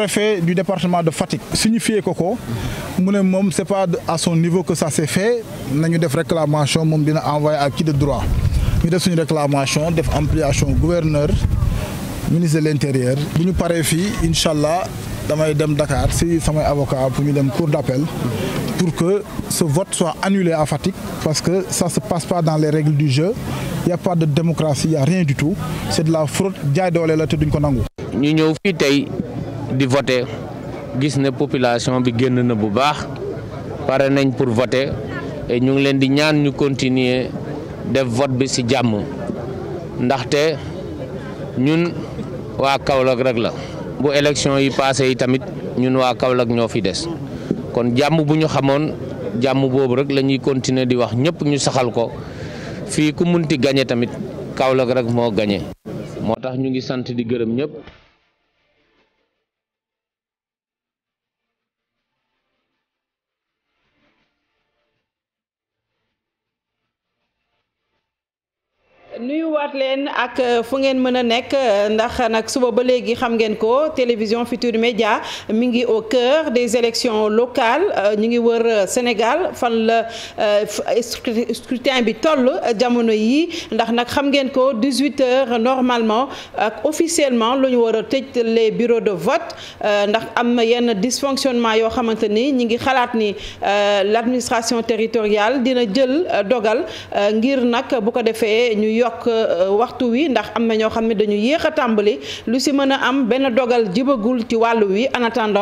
préfet du département de Fatick signifié ko ko mu ne moom c'est pas à son niveau que ça s'est fait nañu def réclamation moom dina envoyé ak qui de droit ñu def suñu réclamation def ampliation gouverneur ministre de l'intérieur bu ñu paree fii incha allah damay dem Dakar si samay avocat pour ñu dem cour d'appel pour que ce vote soit annulé à Fatick parce que ça se passe pas dans les règles du jeu y a pas de démocratie y rien du tout c'est de la fraude jaay la te duñ ko nangu. di voter gis ne population bi génn na bu baax pare nañ pour voter ñu ngi leen di ñaan ñu continuer def vote bi ci jàmm ndaxte ñun waa Kaolack rek la bu élection yi passé yi tamit ñun waa Kaolack ñoo fi des kon jàmm bu ñu xamoon jàmm boobu rek la ñuy continuer di wax ñëpp ñu saxal ko fii ku munti gañe tamit Kaolack rek moo gañe moo tax ñu ngi sant di gërëm ñëpp nuyuwaat leen ak euh, fu ngeen mën a nekk euh, ndax nag suba ba léegi xam ngeen ko télévision Futur Média mi ngi au cœur des élections locales euh, ñu ngi wër Sénégal fan la scrutin bi toll jamono yi ndax nag xam ngeen ko 18 heures normalement ak officiellement la ñu war a tëj les bureaux de vote ndax am na yenn dysfonctionnement yoo xamante ni ñi ngi xalaat ni l'administration territorial dina jël dogal ngir nag bu ko defee ñu yokk. Euh, waxtu wi ndax am na ñoo xam ne dañu yéex a tàmbali lu si mën a am benn dogal jibagul ci wàllu wi en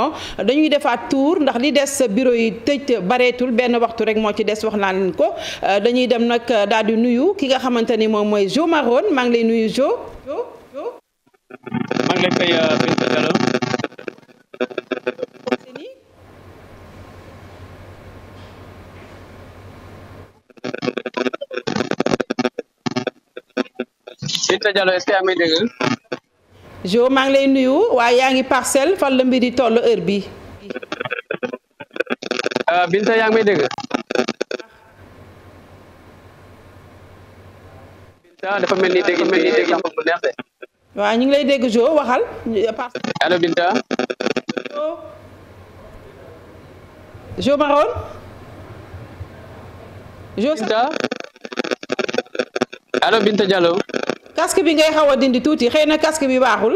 dañuy defaat tour ndax li des bureau yi tëj bareetul benn waxtu rek moo ci des wax naa leen ko euh, dañuy dem nag daal di nuyu ki nga xamante ni moom mooy Jo Marone maa ngi lay nuyu Jo Binta Diallo est-ce que may dégg. Jo maa ngi lay nuyu waaye yaa ngi parcel fan la mbir toll heure bi euh, Binta yaa ngi may dégg. Binta dafa mel ni dégg mel ni dégg bu ñu ngi lay dégg Jo waxal. allo Binta. Jo Maron. Jo Binta. allo Binta Diallo. casque bi ngay xaw a dindi tuuti xëy na casque bi baaxul.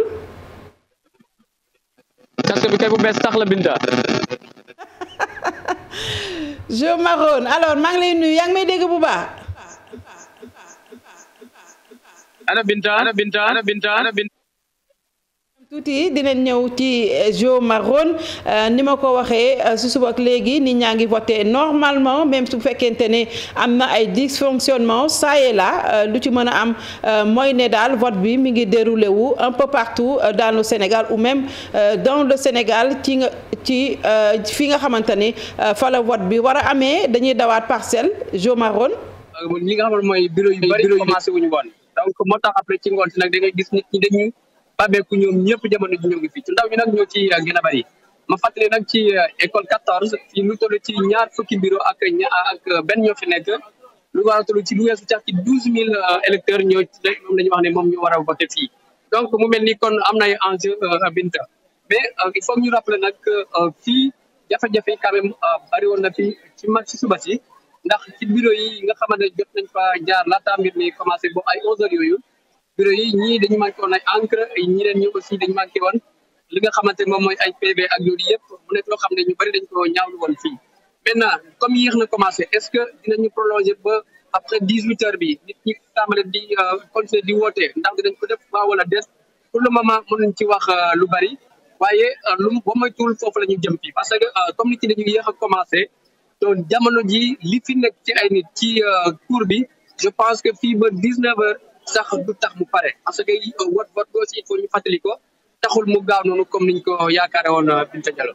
casque bi kay bu bees sax la Binta. Jo Marone alors maa ngi lay nuyu yaa ngi may dégg bu baax. ana Binta ana Binta tuuti dinañ ñëw ci euh, Jo Marone euh, ni ma ko waxee euh, su suba ak léegi nit ñaa ngi voté normalement même su fekkente ne am na ay dysfonctionnement ça et la lu ci mën a am mooy ne daal vote bi mi ngi déroulé wu un peu partout dans le Sénégal ou même dans le Sénégal ci nga ci fi nga xamante ni fa la vote bi war a amee dañuy dawaat parcelle Jo Marone. ñi nga xam ne mooy bureau yu bari commencé wuñu woon donc moo tax après ci ngoon si nag da gis nit ñi dañuy. Pabeeku ñoom ñëpp jamono ji ñoo ngi fii ci ndaw ñi nag ñoo ci uh, gën a bari ma fàttali nag ci uh, école 14 fii lu toll ci ñaar fukki biro ak ña ak uh, benn ñoo fi nekk lu war a ci lu weesu cax ci 12000 électeurs ñoo ci moom la wax ne moom ñu war a voté fii donc mu mel ni kon am na ay enjeu Binta mais il faut ñu rappeler nag fii jafe-jafe yi quand même woon na fi ci mag si suba si ndax ci bureau yi nga xamante ne jot nañ fa jaar laata mbir mi commencé bo ay 11 yooyu. bureau yi ñii dañu manqué woon ay encre ay ñi leen ñu aussi dañu manqué woon li nga xamante moom mooy ay PV ak yooyu yëpp mu nekk loo xam ne ñu bëri dañ ko ñaawlu woon fii maintenant comme yéex na commencé est ce que dinañu prolongé ba après dix huit heures bi nit ñi di euh, continuer di woote ndax dinañ ko def waaw wala des pour le moment ñu ci wax euh, lu bari waaye euh, lu mu ba moytuwul foofu la ñu jëm fii parce que comme nit ñi dañu yéex a commencé donc jamono ji li fi nekk ci ay nit ci cour bi je pense que fii ba dix neuf heures sax du tax mu pare parce que wat wat aussi il faut ñu fàttali ko taxul mu gaaw noonu comme ni niñ ko yaakaare woon Binta Diallo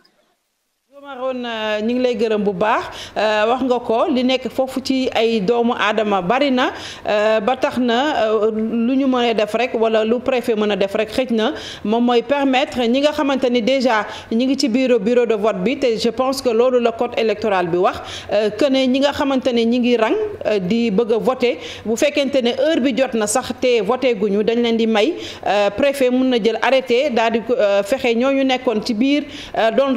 na euh, ñu ngi lay gërëm bu baax euh, wax nga ko li nekk foofu ci ay doomu aadama bari na euh, ba tax na lu ñu mën def rek wala lu préfet mën a def rek xëj na moom mooy permettre ñi nga xamante ni déjà ñi ngi ci bureau bureau de vote bi te je pense que loolu la code électoral bi wax que ne ñi nga xamante ne ñi ngi rang di bëgg a bu fekkente ne heure bi jot na sax te voté guñu dañ leen di may préfet mun na jël arrêté daal di fexe ñooñu nekkoon ci biir doon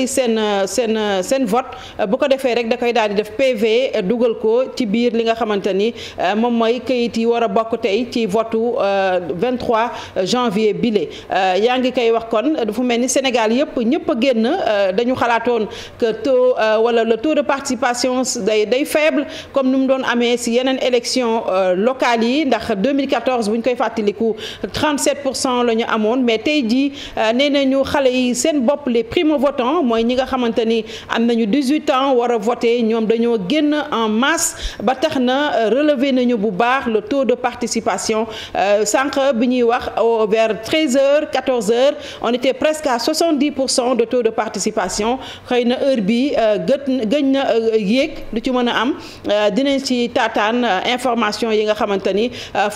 jëli seen euh, seen euh, seen vote euh, bu ko defee rek da koy daal di def PV dugal ko ci biir li nga xamante ni moom mooy kayit yi war a bokk tey ci votu 23 janvier bile yaa ngi koy wax kon dafa mel ni Sénégal yëpp ñëpp a génn dañu xalaatoon que taux wala le taux de participation day day faible comme ni mu doon amee si yeneen élection locale yi ndax 2014 bu ñu koy fàttaliku 37 pour cent la ñu amoon mais tey jii nee nañu xale yi seen bopp les primo votants mooy ñi nga xamante ni am nañu dix 18 ans war a ñoom dañoo génn en masse ba tax na euh, relever nañu bu baax le taux de participation euh, sànq bi ñuy wax vers 13 heures 14 heures on était presque à 70 pour cent de taux de participation xëy na heure bi gën euh, gëñ na yéeg lu ci mën a am dinañ ci taataan information yi nga xamante ni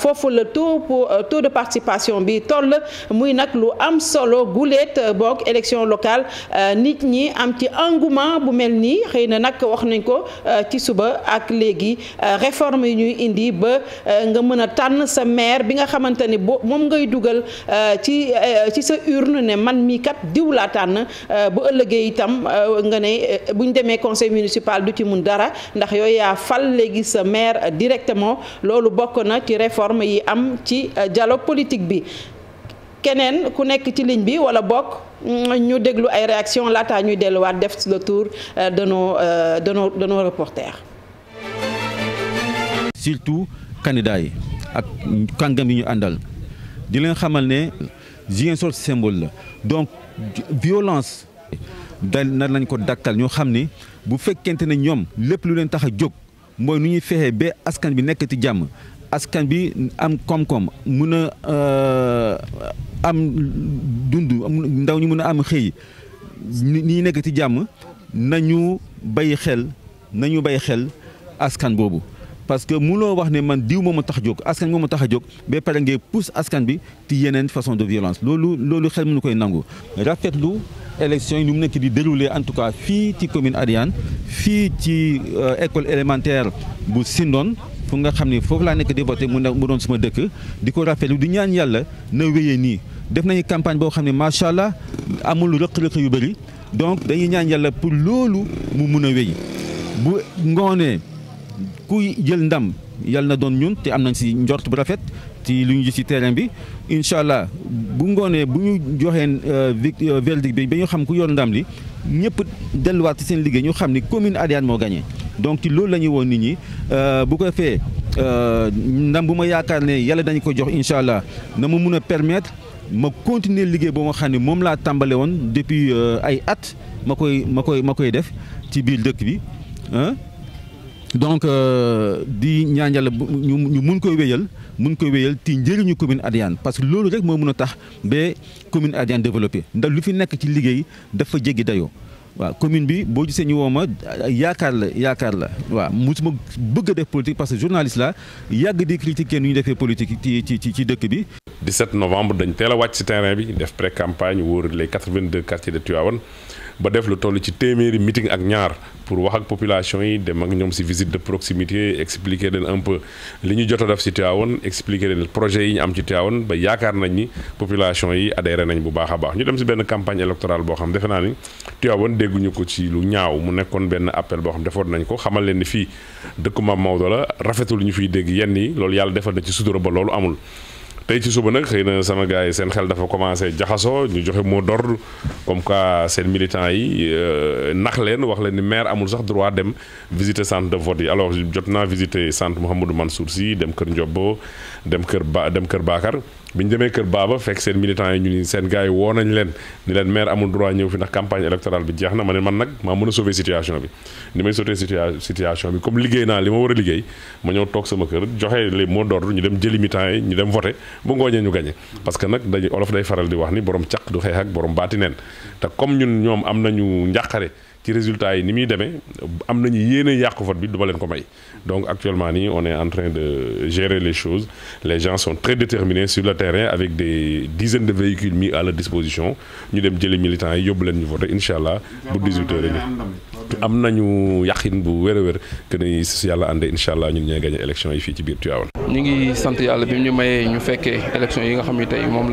foofu la taux pour de participation bi toll muy nag lu am solo guleet boog élection locale nit ñi am ci engouement bu mel nii xëy na nag wax nañ ko euh, ci suba ak léegi euh, réforme yi ñuy indi ba euh, nga mën a tànn sa maire bi nga xamante ni bo moom ngay dugal ci ci sa urne ne man mii kat diw laa tànn bu ëllëgee itam nga ne buñ demee conseil municipal du ci mun dara ndax yooyu yaa fal léegi sa maire directement loolu bokk na ci réforme yi am ci dialogue politique bi keneen ku nekk ci liñ bi walla bokk ñu déglu ay réaction laataa ñuy delluwaat def le tour euh, euh, de nos de nos de surtout candidat yi ak kàngam yi ñu àndal di leen xamal ne Ziguinchor symbole la donc violence. dal na nañ ko dakkal ñoo xam ni bu fekkente ne ñoom lépp lu leen tax a jóg mooy nu ñuy fexee ba askan bi nekk ci jàmm askan bi am koom-koom mun a euh, am dund ndaw ñu mun a am xëy ni nekk ci jàmm nañu bay xel nañu bay xel askan boobu parce que loo wax ne man diw moo ma tax jóg askan moo ma tax a jóg ba pare ngay pousse askan bi ci yeneen façon de violence loolu loolu xel mënu koy nangu rafetlu élection yi nu mu nekk di dérouler en tout cas fii ci commune Ariane fii ci euh, école élémentaire bu sindon fu nga xam ni foofu laa nekk di voté mu doon suma dëkk di ko rafetlu di ñaan yàlla na wéyee nii def nañu campagne boo xam ne macha allah amul rëq-rëq yu bëri donc dañuy ñaan yàlla pour loolu mu mun a wéy bu ngoonee kuy jël ndam yàlla na doon ñun te am nañ si njort bu rafet ci lu ñu gis ci terrain bi incha allah bu ngoonee bu ñu joxeen euh, euh, verdict bi ba ñu xam ku yoon ndam li ñëpp delluwaat ci seen liggéey ñu xam ni commune Adéane moo gagné. donc ci loolu la ñuy woon nit ñi euh, bu ko fee euh, ndam bu ma yaakaar ne yàlla dañu ko jox incha allah na ma mun a permettre ma continuer liggéey boo ma xam ne moom laa tàmbale woon depuis euh, ay at ma koy ma koy ma koy def ci biir dëkk bi donc di ñaan yàlla ñu ñu mun koy wéyal mun koy wéyal ti njëriñu commune Adéane parce que loolu rek moo mun a tax ba commune Adéane développé ndax lu fi nekk ci liggéey dafa jéggi dayoo. waaw commune bi boo gisee ñu woo ma yaakaar la yaakaar la waaw musuma bëgg a def politique parce que journaliste la yàgg di critiquer nu ñu defee politique ci ci ci dëkk bi. 17 novembre dañ teel a wàcc si terrain bi def pré campagne wóor les 82 quartiers de Tivaouane. ba def lu toll ci téeméeri meeting ak ñaar pour wax ak population yi dem ak ñoom si visite de proximité expliquer leen un li ñu jot a def si Tivaouane expliquer leen projet yi ñu am ci Tivaouane ba yaakaar nañ ni population yi adhéré nañ bu baax a baax ñu dem si benn campagne électorale boo xam defe naa ni Tivaouane dégguñu ko ci lu ñaaw mu nekkoon benn appel boo xam defoon nañ ko xamal leen fii dëkku Maam Maodo la rafetul ñu fiy dégg yenn yi loolu yàlla defal na ci sutura ba loolu amul tey ci suba nag xëy na sama gars yi seen xel dafa commencé jaxasoo ñu joxe moo d'ordre comme quoi seen militants yi euh, nax leen wax leen ni maire amul sax droit dem visiter sant de vote yi alors jot naa visiter centre Mouhamadou Mansour Sy dem kër Ndiobo dem kër Ba dem kër Bakar. bi ñu demee kër baaba fekk seen militants yi ñu ni seen gars yi woo nañ leen ni leen maire amul droit ñëw fi ndax campagne électorale bi jeex na ma ne man nag maa mën a sauver situation bi ni may sauver situation bi comme liggéey naa li ma war a liggéey ma ñëw toog sama kër joxe les mots d'ordre ñu dem jëli militants yi ñu dem voté bu ngooñee ñu gagné parce que nag dañu olof day faral di wax ni borom caq du xeex ak borom baati neen te comme ñun ñoom am nañu njàqare ci résultat yi ni muy demee am nañu yéene yàq vote bi duma leen ko may donc actuellement nii on est en train de gérer les choses les gens sont très déterminés sur le terrain avec des dizaines de véhicules mis à leur disposition ñu dem jëli militants yi yóbbu leen ñu vote incha allah bu 18 heures am nañu yàqin bu wér a wér que yàlla àndee incha allah ñun ñooy gagné élection yi fii ci biir Tivaouane. ñu ngi sant yàlla bi ñu mayee ñu fekkee élection moom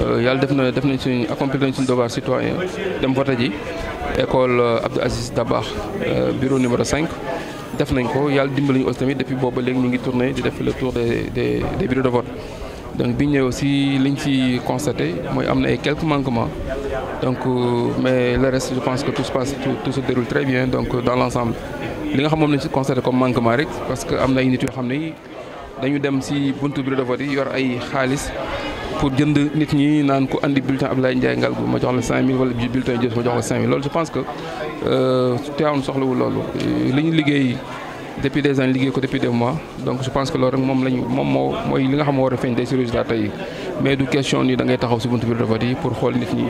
Euh, yàlla def na def nañ suñ accomplir nañ suñu devoir citoyen dem voté ji école euh, Abdou Aziz Dabakh euh, bureau numéro 5 def nañ ko yàlla dimbali ñu aussi tamit depuis booba léegi ñu ngi tourné di def le tour des des de vote donc bi ñu ñëwee aussi liñ ci constaté mooy am na ay quelques manquements donc mais le reste je pense que tout se passe tout, tout se déroule très bien donc dans l' ensemble li nga xam moom lañ ci constaté comme manquement rek parce que am na ay nit dem ci buntu bureau de vote yor ay xaalis pour jënd nit ñi naan ko andi bulletin Abdoulaye Ndiaye Ngalgou ma jox la 5000 wala bulletin Diop ma jox la 5000 loolu je pense que euh, Tivaouane soxlawul loolu li ñu liggéey depuis des années liggéey ko depuis des mois donc je pense que loolu rek moom lañu moom moo mooy li nga xam moo war a feeñ tey si résultat tey mais du question ni da taxaw si buntu bureau de vote yi pour xool nit ñi.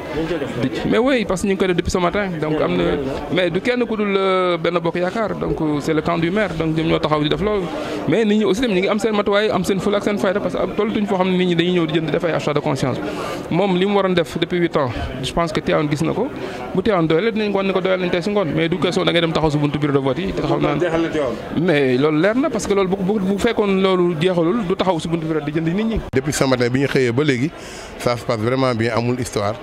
mais oui parce que ñu ngi koy depuis ce matin donc am na mais du kenn ku dul euh, benn bokk yaakaar donc euh, c' le camp du maire donc ñëw di jënd def ay de conscience moom li mu waroon def depuis huit ans je pense que Tivaouane gis na ko bu Tivaouane doyalee dinañ wan ne ko doyal nañ tey si ngoon mais du question da dem taxaw si buntu bureau de vote yi te taxaw ba léegi ça se passe vraiment bien amul histoire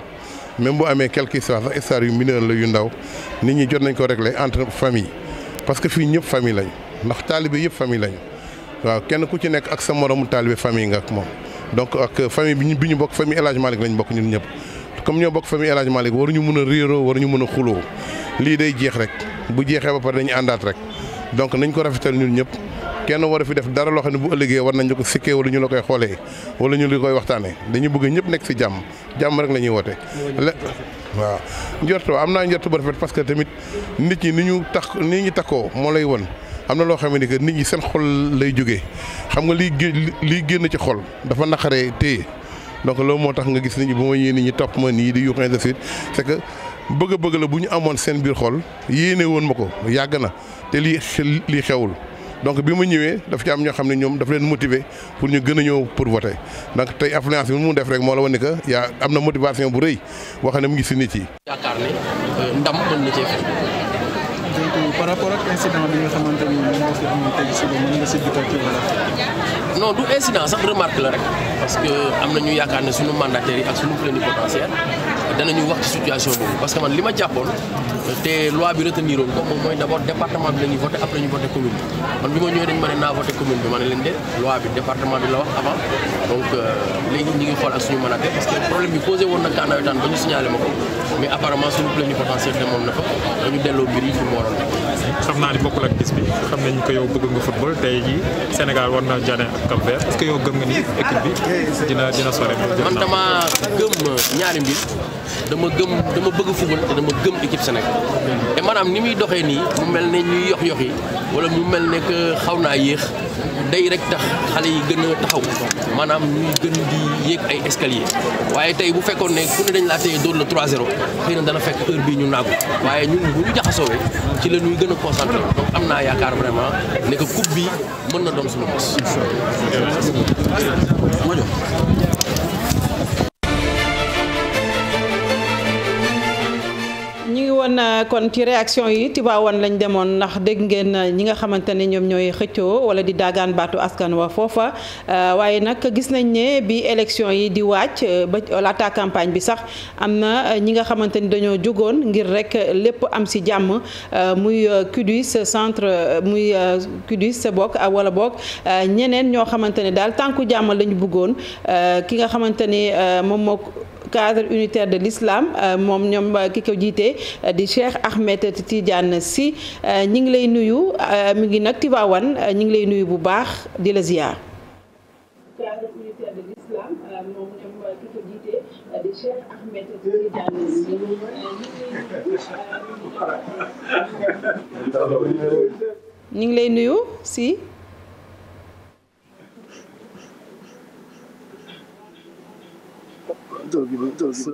même bu amee quelque histoire sax histoire yu mineur la yu ndaw nit ñi jot nañ ko régler entre famille parce que fii ñëpp famille lañ ndax taalibe yëpp famille lañ waaw kenn ku ci nekk ak sa moromu taalibe famille nga ak moom donc ak famille bi ñu ñu bokk fami El Hadj Malick bokk ñun ñëpp comme ñoo bokk famille El Hadj war ñu mën a réeroo waruñu mën a xuloo lii day jeex rek bu jeexee ba pare dañu àndaat rek donc nañ ko rafetal ñun ñëpp kenn war a fi def dara loo xam ne bu ëllëgee war nañ ko sikkee wala ñu la koy xoolee wala ñu la koy waxtaanee dañu bëgg ñëpp nekk si jàmm jàmm rek la ñuy woote. waaw njort am naa njort bu rafet parce que tamit nit ñi ni ñu tax ni ñu takkoo moo lay won am na loo xam ne que nit ñi seen xol lay jógee xam nga liy liy génn ci xol dafa naqaree téye donc loolu moo tax nga gis nit ñi bu ma yéene ñi topp ma nii di yuux ainsi de suite c'est que bëgg-bëgg la bu ñu amoon seen biir xol yéene woon ma ko yàgg na. te lii lii xewul donc bi mu ñëwee daf ci am ñoo xam ne ñoom dafa leen motiver pour ñu gën a ñëw pour voter donc tey influence bi mu def rek moo la woon ni que yaa am na motivation bu rëy boo ne mu ngi si nit yi. yaakaar ne euh, ndam mën na euh, nga xamante ni moo fi amoon non du incident sax remarque la rek parce que euh, am na ñu yaakaar ne sunu mandataires yi ak sunu plénipotentiaire danañu wax ci situation boobu parce que man li ma jàppoon te loi bi retenir woon ko moom mooy d' abord département bi la ñuy voté après ñu commune bi man bi ma ñëwee dañ ma ne naa voté commune bi ma ne leen de loi bi département bi la wax avant donc euh, léegi ñu ngi xool ak suñu mën a parce que problème bi posé woon na kaa ba ñu signalé ma ko mais apparemment suñu plénipotentiaire demoon na fa dañu delloo mbir yi fi mu waroon xam naa ni bokkul ko yow bëgg nga football tey jii Sénégal war na jane ak dama gëm dama bëgg football te dama gëm équipe Sénégal te maanaam ni muy doxee nii mu mel ne ñuy yox yox yi wala mu mel ne xaw naa yéex day rek tax xale yi gën a taxaw maanaam ñuy gën di yéeg ay escalier waaye tey bu fekkoon ne ku ne dañ laa téye doon la 3-0 xëy dana fekk heure bii ñu naagu waaye ñun bu ñu jaxasoowee ci la ñuy gën a concentré donc am naa yaakaar vraiment ne que coupe bi mën na doon suñu mos. kon ci réaction yi Tivaouane lañ demoon ndax dégg ngeen ñi nga xamante ne ñoom ñooy xëccoo wala di daagaan baatu askan wa foofa euh, waaye nag gis nañ ne bi élection yi di wàcc euh, ba laata campagne bi sax am na euh, ñi nga xamante ni dañoo jógoon ngir rek lépp am si jàmm muy CUDIS centre muy CUDIS sa bokk wala bokk ñeneen ñoo xamante ne daal tànku jàmm lañu bëggoon ki nga xamante ni moom moo cadre unitaire de l'islam euh, moom ñoom euh, ki ko jiitee euh, di Cheikh Ahmed Tidiane si ñi ngi lay nuyu mi ngi nag Tivaouane ñi ngi lay nuyu bu baax di la ziar. ngi lay nuyu si.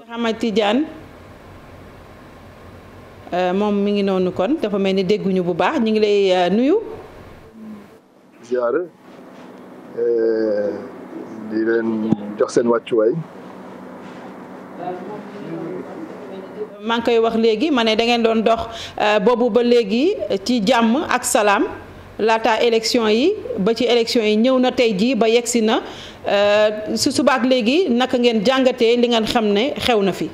Ahmad tiijaan euh, moom mi ngi noonu kon dafa mel ni dégguñu bu baax ñu ngi lay euh, nuyu. ziar euh, di leen jox seen wàccuwaay. maa ngi koy wax léegi ma ne dangeen doon dox boobu ba léegi ci jàmm ak salaam. laataa élection yi ba ci élection yi ñëw na tey jii ba yegsi na euh, su subaak léegi naka ngeen jàngatee li ngeen xam ne xew na fi.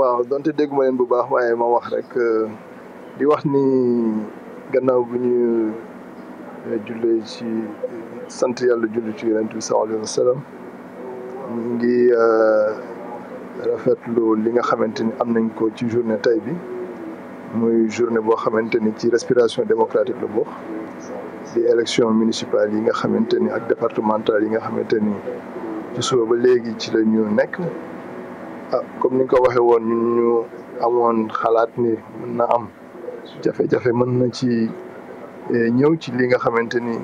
waaw donte dégguma leen bu baax waaye ma wax rek euh, di wax ni gannaaw bu ñu euh, jullee ci sant yàlla julli ci yonent bi sallallahu alayhi wa sallam ñu ngi euh, rafetlu li nga xamante ni am nañ ko ci journée tey bi muy journée boo xamante ni ci respiration démocratique la bokk di élection municipale yi nga xamante ni ak départementale yi nga xamante ni ci suba ba léegi ci la ñu nekk ah comme ni nga ko waxee woon ñun ñu amoon xalaat ni mën na am jafe-jafe mën na ci eh, ñëw ci li nga xamante ni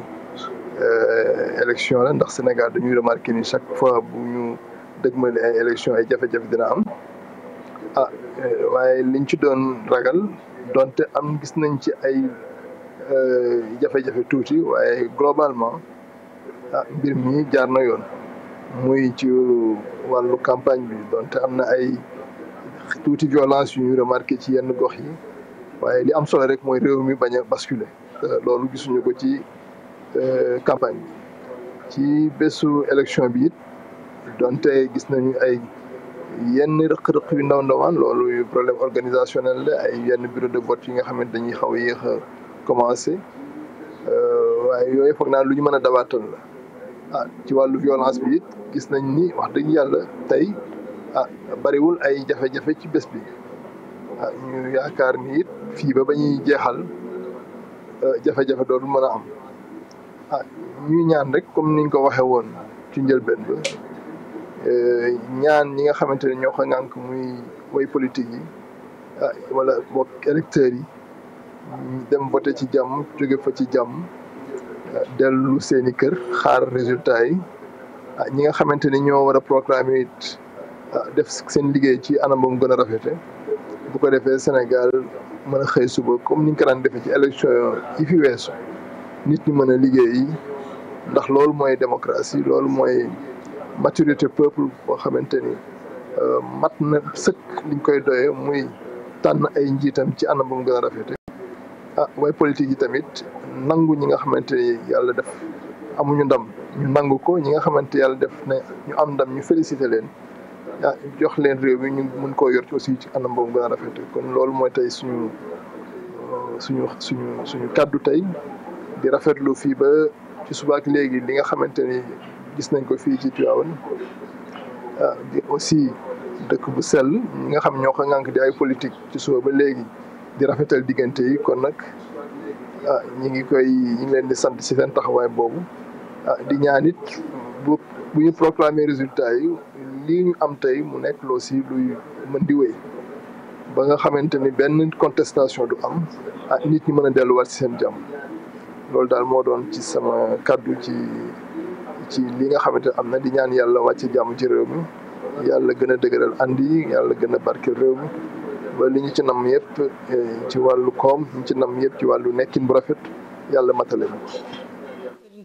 élection la ndax Sénégal du ñu remarqué ni chaque fois bu ñu dëgmale ay élection ay jafe-jafe dina am ah euh, waaye liñ ci doon ragal donte am gis nañ ci ay euh, jafe-jafe tuuti waaye globalement ah mbir mi jaar na yoon muy ci wàllu campagne bi donte am na ay tuuti violence yu ñu remarqué ci yenn gox yi waaye li am solo rek mooy réew mi bañ a euh, loolu gisuñu ko ci campagne bi ci bésu élection bi it donte gis nañu ay yenn rëq-rëq yu ndaw ndawaan loolu problème organisationnel la ay yenn bureau de vote yi nga xam dañuy xaw a yéex a commencé euh, waaye yooyu foog naa lu ñu mën a dabaatal la ah ci wàllu violence bi it gis nañ ni wax dëgg yàlla tey ah bariwul ay jafe-jafe ci bés bi ah ñu yaakaar ni it fii ba ba ñuy jeexal euh, jafe-jafe dootul mën a am. ah ñuy ñaan rek comme niñ ko waxee woon ci njëlbeen ba eh, ñaan ñi nga xamante ne ñoo ko ŋànk muy way politique yi ah, wala bokk électeurs yi dem voté ci jàmm jóge fa ci jàmm ah, dellu seen i kër xaar résultat yi ah ñi nga xamante ni ñoo war a proclamer it ah, def seen liggéey ci anam ba mu gën a rafete bu ko defee Sénégal mën a xëy suba comme ni ñu ko daan defee ci élection yi fi weesu nit ñi mën a liggéey ndax loolu mooy démocratie loolu mooy maturité peuple boo xamante ni euh, mat na sëkk liñ koy doyee muy tànn ay njiitam ci anam bu mu gën a rafete a ah, waaye politique yi tamit nangu ñi nga xamante ni yàlla def amuñu ndam ñu nangu ko ñi nga xamante yàlla def ne ñu am ndam ñu félicité leen ah jox leen réew mi ñu mun koo yor ci aussi ci anam gën a rafete kon loolu mooy tey suñu euh, suñu suñu suñu kàddu tey di rafetlu fii ba ci subaak léegi li nga xamante ni gis nañ ko fii ci Tivaouane ah di aussi dëkk bu sell nga xam ñoo ko ŋànk di ay politique ci suba ba léegi di rafetal diggante yi kon nag a ah, ñu ngi koy ñu ngi leen di sant si seen taxawaay boobu ah di ñaan it bu bu ñu proclamer résultat yi lii ñu am tey mu nekk loo si luy mën di wéy ba nga xamante ni benn contestation du am ah nit ñi mën a delluwaat si seen jàmm loolu daal moo doon ci sama kàddu ci ci li nga xamante ne am na di ñaan yàlla wàcce jàmm ci réew mi yàlla gën a dëgëral ànd yàlla gën a barkeel réew mi ba li ñu ci nam yëpp eh, ci wàllu koom ñu ci nam yëpp ci wàllu nekkin bu rafet yàlla matale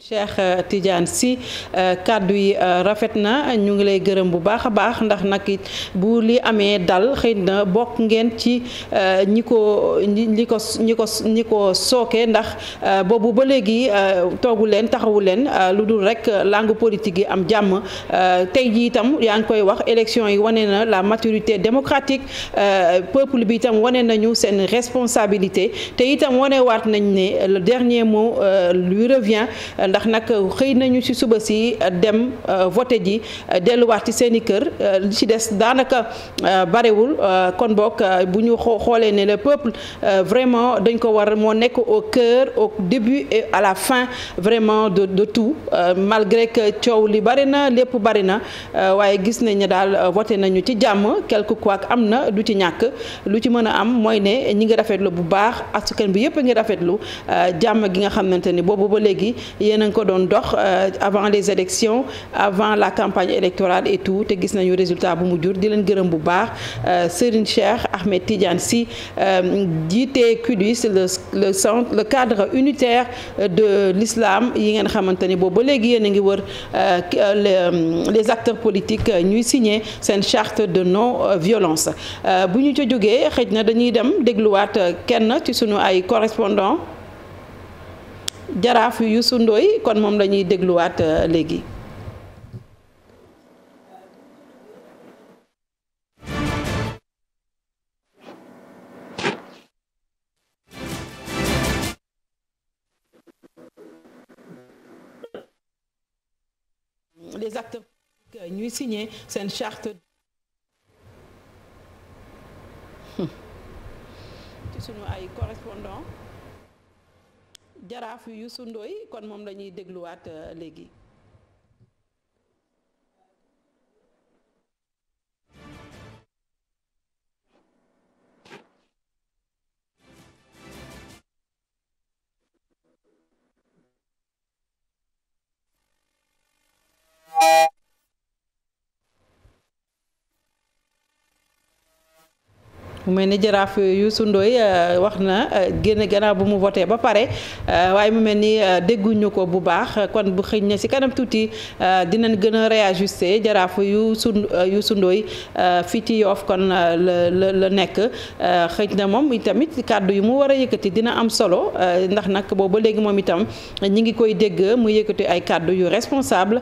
Cheikh euh, Tidiane Sy euh, kàddu yi euh, rafet na ñu ngi lay gërëm bu baax a baax ndax nag bu li amee dal xëy na bokk ngeen ci ñi ko ñi ko ñi ko ñi ko sooke ndax boobu ba léegi toogu leen taxawu leen lu dul rek langue politique yi am jàmm tey ji itam yaa ngi koy wax élection yi wane na la maturité démocratique peuple bi itam wane nañu seen responsabilité te itam wane waat nañ ne le dernier mot lui revient ndax nag xëy nañu ci suba si euh, dem euh, voté ji euh, delluwaat ci seen i kër li ci des daanaka barewul kon boog bu ñu xoolee ne le peuple vraiment dañ ko war moo nekk o cœur o début et à la fin vraiment de de tout malgré que coow li bari na lépp bari na waaye gis nañ ne daal voté nañu ci jàmm quelque quoi am na du ci ñàkk lu ci mën a am mooy ne ñi ngi rafetlu bu baax askan bi yëpp a ngi rafetlu jàmm gi nga xamante ni boobu ba léegi yéen ko doon dox euh, avant les élections avant la campagne électorale et tout te gis nañu résultat bu mu jur di leen gërëm bu baax euh, Serigne Cheikh Ahmed Tidiane Sy euh, jiite CUDIS le le centre le cadre unitaire de l'islam yi ngeen xamante ni boobu ba léegi yéen a ngi wër les acteurs politiques ñuy signe seen charte de non violence bu ñu ca jógee xëj na dañuy dem dégluwaat kenn ci suñu ay correspondant jaraaf Youssou Ndoye kon moom lañuy dégluwaat euh, léegi. les acteurs seen charte. Hmm. ci suñu ay correspondant jaraaf yu Youssou Ndoye kon moom la ñuy dégluwaat euh, léegi. mu mel ni jaraaf Youssou Ndoye euh, wax na euh, génn gannaaw bu mu voté ba pare euh, waaye mu mel ni dégguñu ko bu baax kon bu xëñ na si kanam tuuti dinañ gën a réajusté jaraaf Youssou Youssou Ndoye fii ci Yoff kon la la la xëj na moom itamit kàddu yu mu war a yëkkati dina am solo ndax nag boobu léegi moom itam ñi ngi koy dégg mu yëkkati ay kàddu yu responsable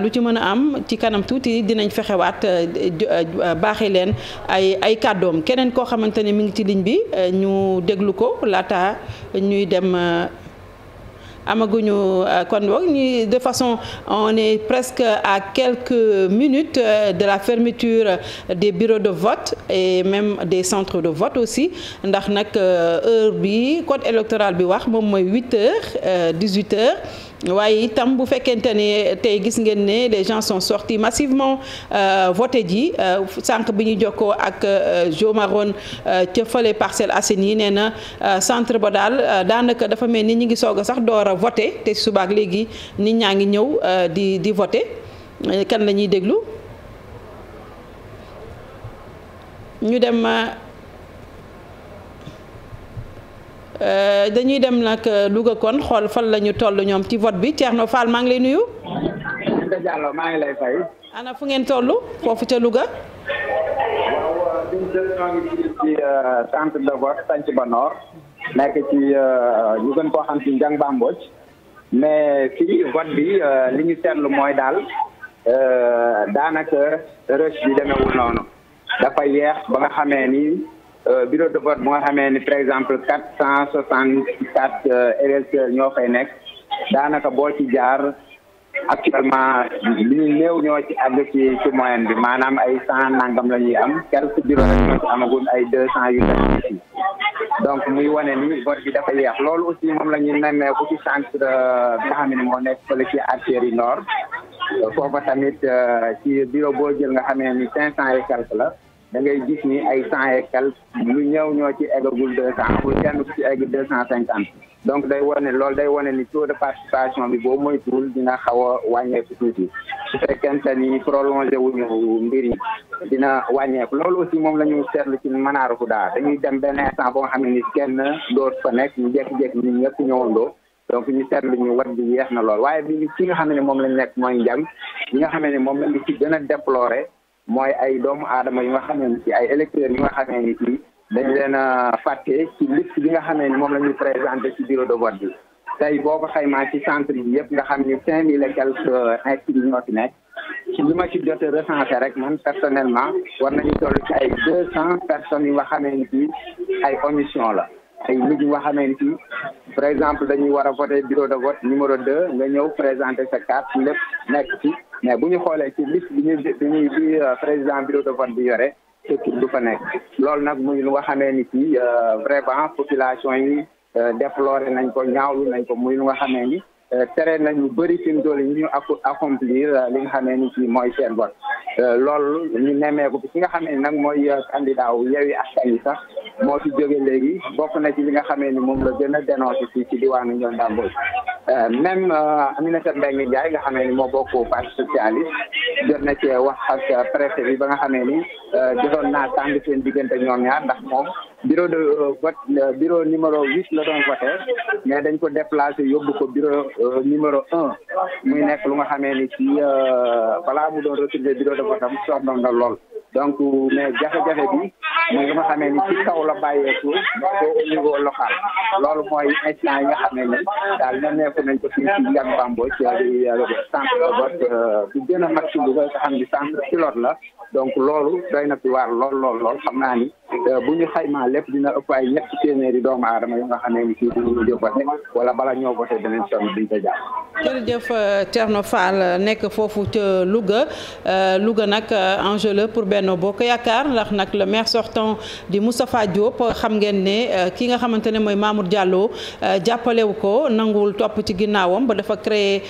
lu ci mën a am ci kanam tuuti dinañ fexewaat baaxee leen ay kàddoom keneen ko koo xamante ne mi ngi ci ligne bi euh, ñu déglu ko laata ñuy dem euh, amaguñu euh, kon boog ñuy de façon on est presque à quelques minutes de la fermeture des bureaux de vote et même des centres de vote aussi ndax nag heure bi code électoral bi wax moom mooy huit heures dix-huit heures waaye itam bu fekkente ne tey gis ngeen ne les gens sont sortis massivement euh, voté ji euh, sànq bi ñu jokkoo ak euh, Jo Maron ca fële Parcelles Assainies nee na centre ba daal daanaka dafa mel ni ñu ngi soog a sax door a voté te subaak léegi nit ñaa ngi ñëw di di voté kan la déglu ñu dem. Euh, dañuy dem nag euh, Louga kon xool fan la ñu toll ñoom ci vote bi Thierno Fall maa ngi lay nuyu. Diallo maa ngi lay fay. ana fu ngeen tollu foofu ca Louga. waaw ñun ci euh, centre vote nekk ci ñu gën koo xam ci Njang Ba bi li ñu seetlu mooy daal daanaka rush bi demewul noonu dafa yeex ba nga xamee ni. Euh, bureau de vote bu nga xamee ni par exemple quatre cent soixante quatre euh, électeurs ñoo fay nekk daanaka boo ci jaar actuellement li ñu ñoo ci àgg ci ci moyenne bi maanaam ay cent nangam la ñuy am quelques bureaux rek ñoo ci amagul ay deux cent yu nekk donc muy wane ni vote bi dafa yeex loolu aussi moom la ñuy nemmeeku ci centre euh, bi nga xam ne moo nekk fële ci artère yi nord foofa tamit ci bureau boo jël nga xamee ni cinq cent et quelque la da ngay gis ni ay cent et quelques lu ñëw ñoo ci eggagul deux cent pour kenn ku ci egg deux cent cinquante donc day wane lool day wone ni taux de participation bi boo moytuwul dina xaw a wàññeeku tuuti su fekkente ni prolongé wuñu mbir yi dina wàññeeku loolu aussi moom la ñu seetlu ci manaaru ku daa dañuy dem benn instant boo xam ne ni kenn doot fa nekk ñu jékki-jékki ñun ñëpp ñëwandoo donc ñu seetlu ñu wat bi yeex na lool waaye bi ci nga xam ne moom lañ nekk mooy njàng ñi nga xam ne moom lañ ci gën a déploré mooy ay doomu aadama yu nga xamee ni ci ay électeurs yu nga xamee ni ci dañ leen a fàtte ci liste bi nga xamee ni moom la ñuy présenté ci bureau de vote bi tey boo ko ci centre bi yëpp nga xam ni cinq mille et quelques inscrits ñoo fi nekk ci li ma ci rek man personnellement war nañu toll ci ay deux cent personnes yu nga xamee ni ci ay omission la ay nit yu nga xamee ni ci par exemple dañuy war a voté bureau de vote numéro deux nga ñëw présenté sa carte lépp nekk ci mais bu ñu xoolee ci liste bi ñu bi ñuy bi euh, président bureau de vote bi yore surtout du fa nekk loolu nag muy lu nga xamee ni ci euh, vraiment population yi euh, déploré nañ ko ñaawlu nañ ko muy lu nga xamee ni Euh, tere nañ ñu bëri fi mu toll ñu accomplir euh, li nga xamee ni ci mooy seen bor euh, lool ñu nemmeeku ci nga xamee ni nag mooy candidat wu Yewwi Askan Wi sax moo fi jóge léegi bokk na ci li nga xamee ni moom la gën a dénoncé ci ci diwaanu Ndiol Ndamboy même Aminata Mbengue Ndiaye nga xamee ni moo bokk parti socialiste jot na cee wax ak préfet bi ba nga xamee ni jotoon naa tàng seen diggante ñoom ñaar ndax moom bureau de euh, vote euh, bureau numéro huit la doon voté mais dañ ko déplacé yóbbu ko bureau euh, numéro un muy nekk lu nga xamee ni ci balaa mu doon retrouver bureau de vote am sonnoon na lool donc mais jafe-jafe bi mooy lu nga xamee ni ci kaw la bàyyeeku ko au local loolu mooy instant yi nga xamee ni daal ne nekku nañ ko fi ci Ndiack Bambo ci centre de vote bu gën a mag ci Louga nga xam ni centre la donc loolu doy na fi waar lool lool lool xam naa ni Euh, bu ñu xaymaa lépp dina ëpp ay ñetti téeméeri doomu aadama yu nga euh, euh, nekk foofu ca Louga Louga nag enjeu la pour boo ko Yaakaar ndax nag le maire sortant di Moustapha Diop xam ngeen ne ki nga xamante ne mooy Mamour jàlloo jàppalewu ko nanguwul topp ci ginnaawam ba dafa créer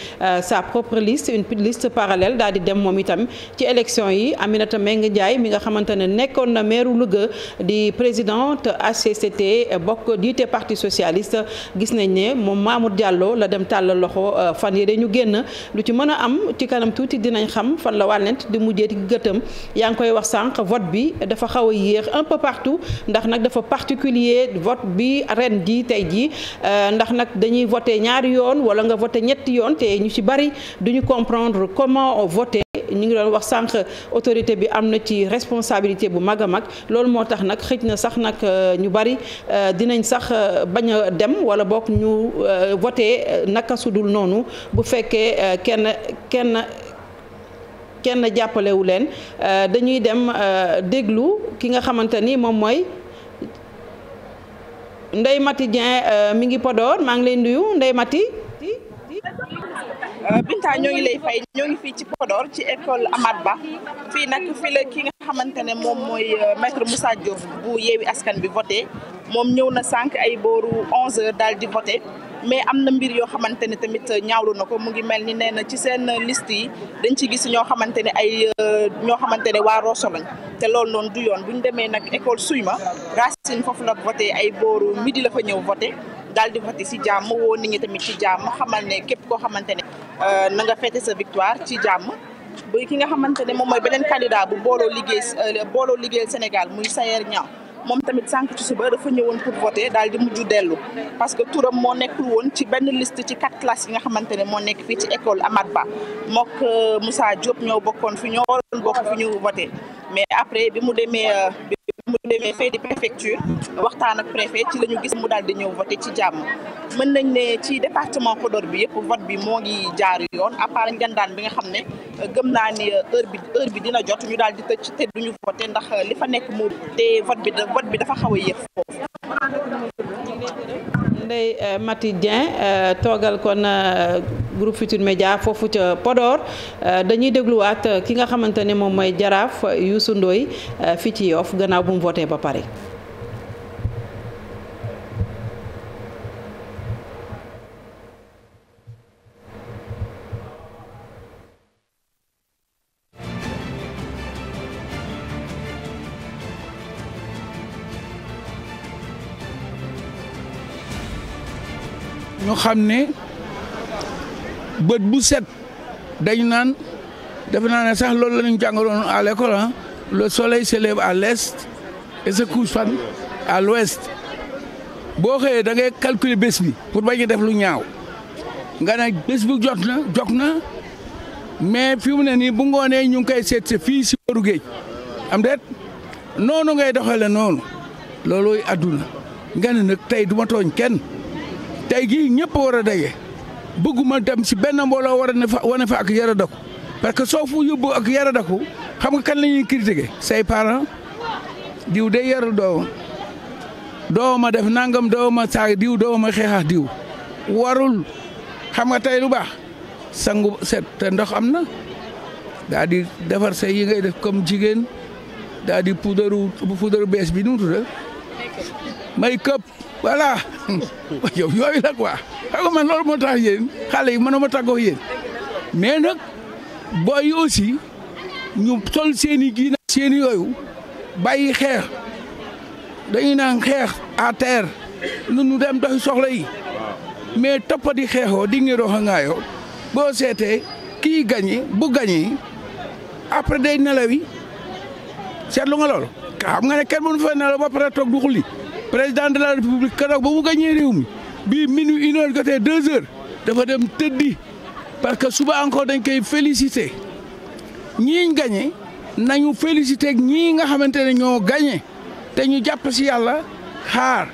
sa propre liste une liste parallèle daal di dem moom itam ci élection yi Aminata Mbengue Ndiaye mi nga xamante nekkoon na maire Louga. di président HCCT bokk dite parti socialiste gis nañ ne moom Mamour jàlloo la dem tàllal loxo euh, fan yii dañu génn lu ci mën a am ci kanam tuuti dinañ xam fan la wàllent di mujjee ci gëtëm yaa ngi koy wax sànq vote bi dafa xaw a yéex un peu partout ndax nag dafa particulier vote bi ren ji tey jii euh, ndax nag dañuy vote ñaari yoon wala nga vote ñetti yoon te ñu ci bari duñu comprendre comment on voté ñu ngi doon wax sànq autorité bi am na ci responsabilité bu mag a mag loolu moo tax nag xëj na sax nag euh, ñu bari euh, dinañ sax euh, bañ a dem wala bokk ñu voté naka sudul noonu bu fekkee kenn kenn kenn jàppalewu leen dañuy dem déglu ki nga xamante ni moom mooy Ndeye Mati Dieng mi ngi Podor maa ngi lay nuyu Ndeye Mati Euh, Binta ñoo ngi lay fay ñoo ngi fii ci Podor ci école amaat Ba fii nag fii la ki nga xamante ne moom mooy euh, maître Moussa Diop bu yeewi askan bi voté moom ñëw na sànq ay booru 11h daal di voté mais am na mbir yoo xamante ne tamit ñaawlu na ko mu ngi mel ni nee na ci seen liste yi dañ ci gis ñoo xamante ne ay euh, ñoo xamante ne waa Rosso lañ te loolu noonu du yoon bu ñu demee nag école ma Racine foofu la voté ay booru midi la fa ñëw voté daal di voté si jàmm woo nit ñi tamit ci jàmm xamal ne képp koo xamante ne. Euh, na nga fêté sa victoire ci jàmm ba ki nga xamante ne moom mooy beneen candidat bu booloo liggéey euh, booloo liggéeyal Sénégal muy Sayer Niang moom tamit sànq ci suba dafa ñëwoon pour voter daal di mujj dellu parce que turam moo nekk woon ci benn list ci quatre classes yi nga xamante ne moo nekk fii ci école Amat Ba mook euh, Moussa Diop ñoo bokkoon fi ñoo waroon bokk fi ñu voter mais après bi mu demee mu demee fee di préfecture waxtaan ak préfet ci la ñu gis mu daal di ñëw voté ci jàmm mën nañ ne ci département Podor bi yëpp vote bi moo ngi jaar yoon à part bi nga xam ne gëm naa ni heure bi dina jot ñu daal di tëj te duñu voté ndax li fa nekk mu te vote bi vote bi dafa xaw a yéex foofu euh, euh, toogal kon euh, groupe Futur Média foofu ca Podor dañuy dégluwaat ki nga xamante ne moom mooy jaraaf Youssou Ndoye fii ci Yoff gannaaw bu mu ba pare. ñu xam ne bët bu set dañ naan def naa ne sax lool la ñu jàngaloon à le soleil se lève à l'est et fan à l'ouest boo xëyee da ngay calculer bés bi pour bañ a def lu ñaaw nga ne bés bu jot na jot na mais fi mu ne nii bu ngoonee ñu ngi koy seet si fii si booru géej am deet noonu ngay doxale noonu loolooy àdduna nga ne nag tey du ma tooñ kenn tey gii ñëpp war a daje bëgguma dem si benn mbooloo war a ne fa wane fa ak yaradaku parce que soo fu ak yaradaku xam nga kan la ñuy critiquer say parents diw day yarul doomam doomam def nangam doomam saag diw doomam xeexax diw warul xam nga tey lu baax sangu set te ndox am na daa di defar say yi ngay def comme jigéen daa di puudaru puudaru bees bi nu mu tudd may këpp voilà yow yooyu la quoi xam nga man loolu moo tax yéen xale yi mënuma tàggoo yéen mais nag booy yi ñu sol seen i giina seen i yooyu bàyyi xeex dañuy naan xeex à terre nu nu dem doxi soxla yi mais toppa di xeexoo di ngiroo xa boo seetee kii gañi bu gañi après day nelaw yi seetlu nga loolu xam nga ne kenn mënu fa nelaw ba pare toog du xulli président de la république ba mu gañee réew mi bii mi une heure jotee deux heures dafa dem tëddi parce que suba encore dañ koy féliciter ñiiñ gañe nañu félicité ak ñii nga xamante ne ñoo gañe te ñu jàpp si yàlla xaar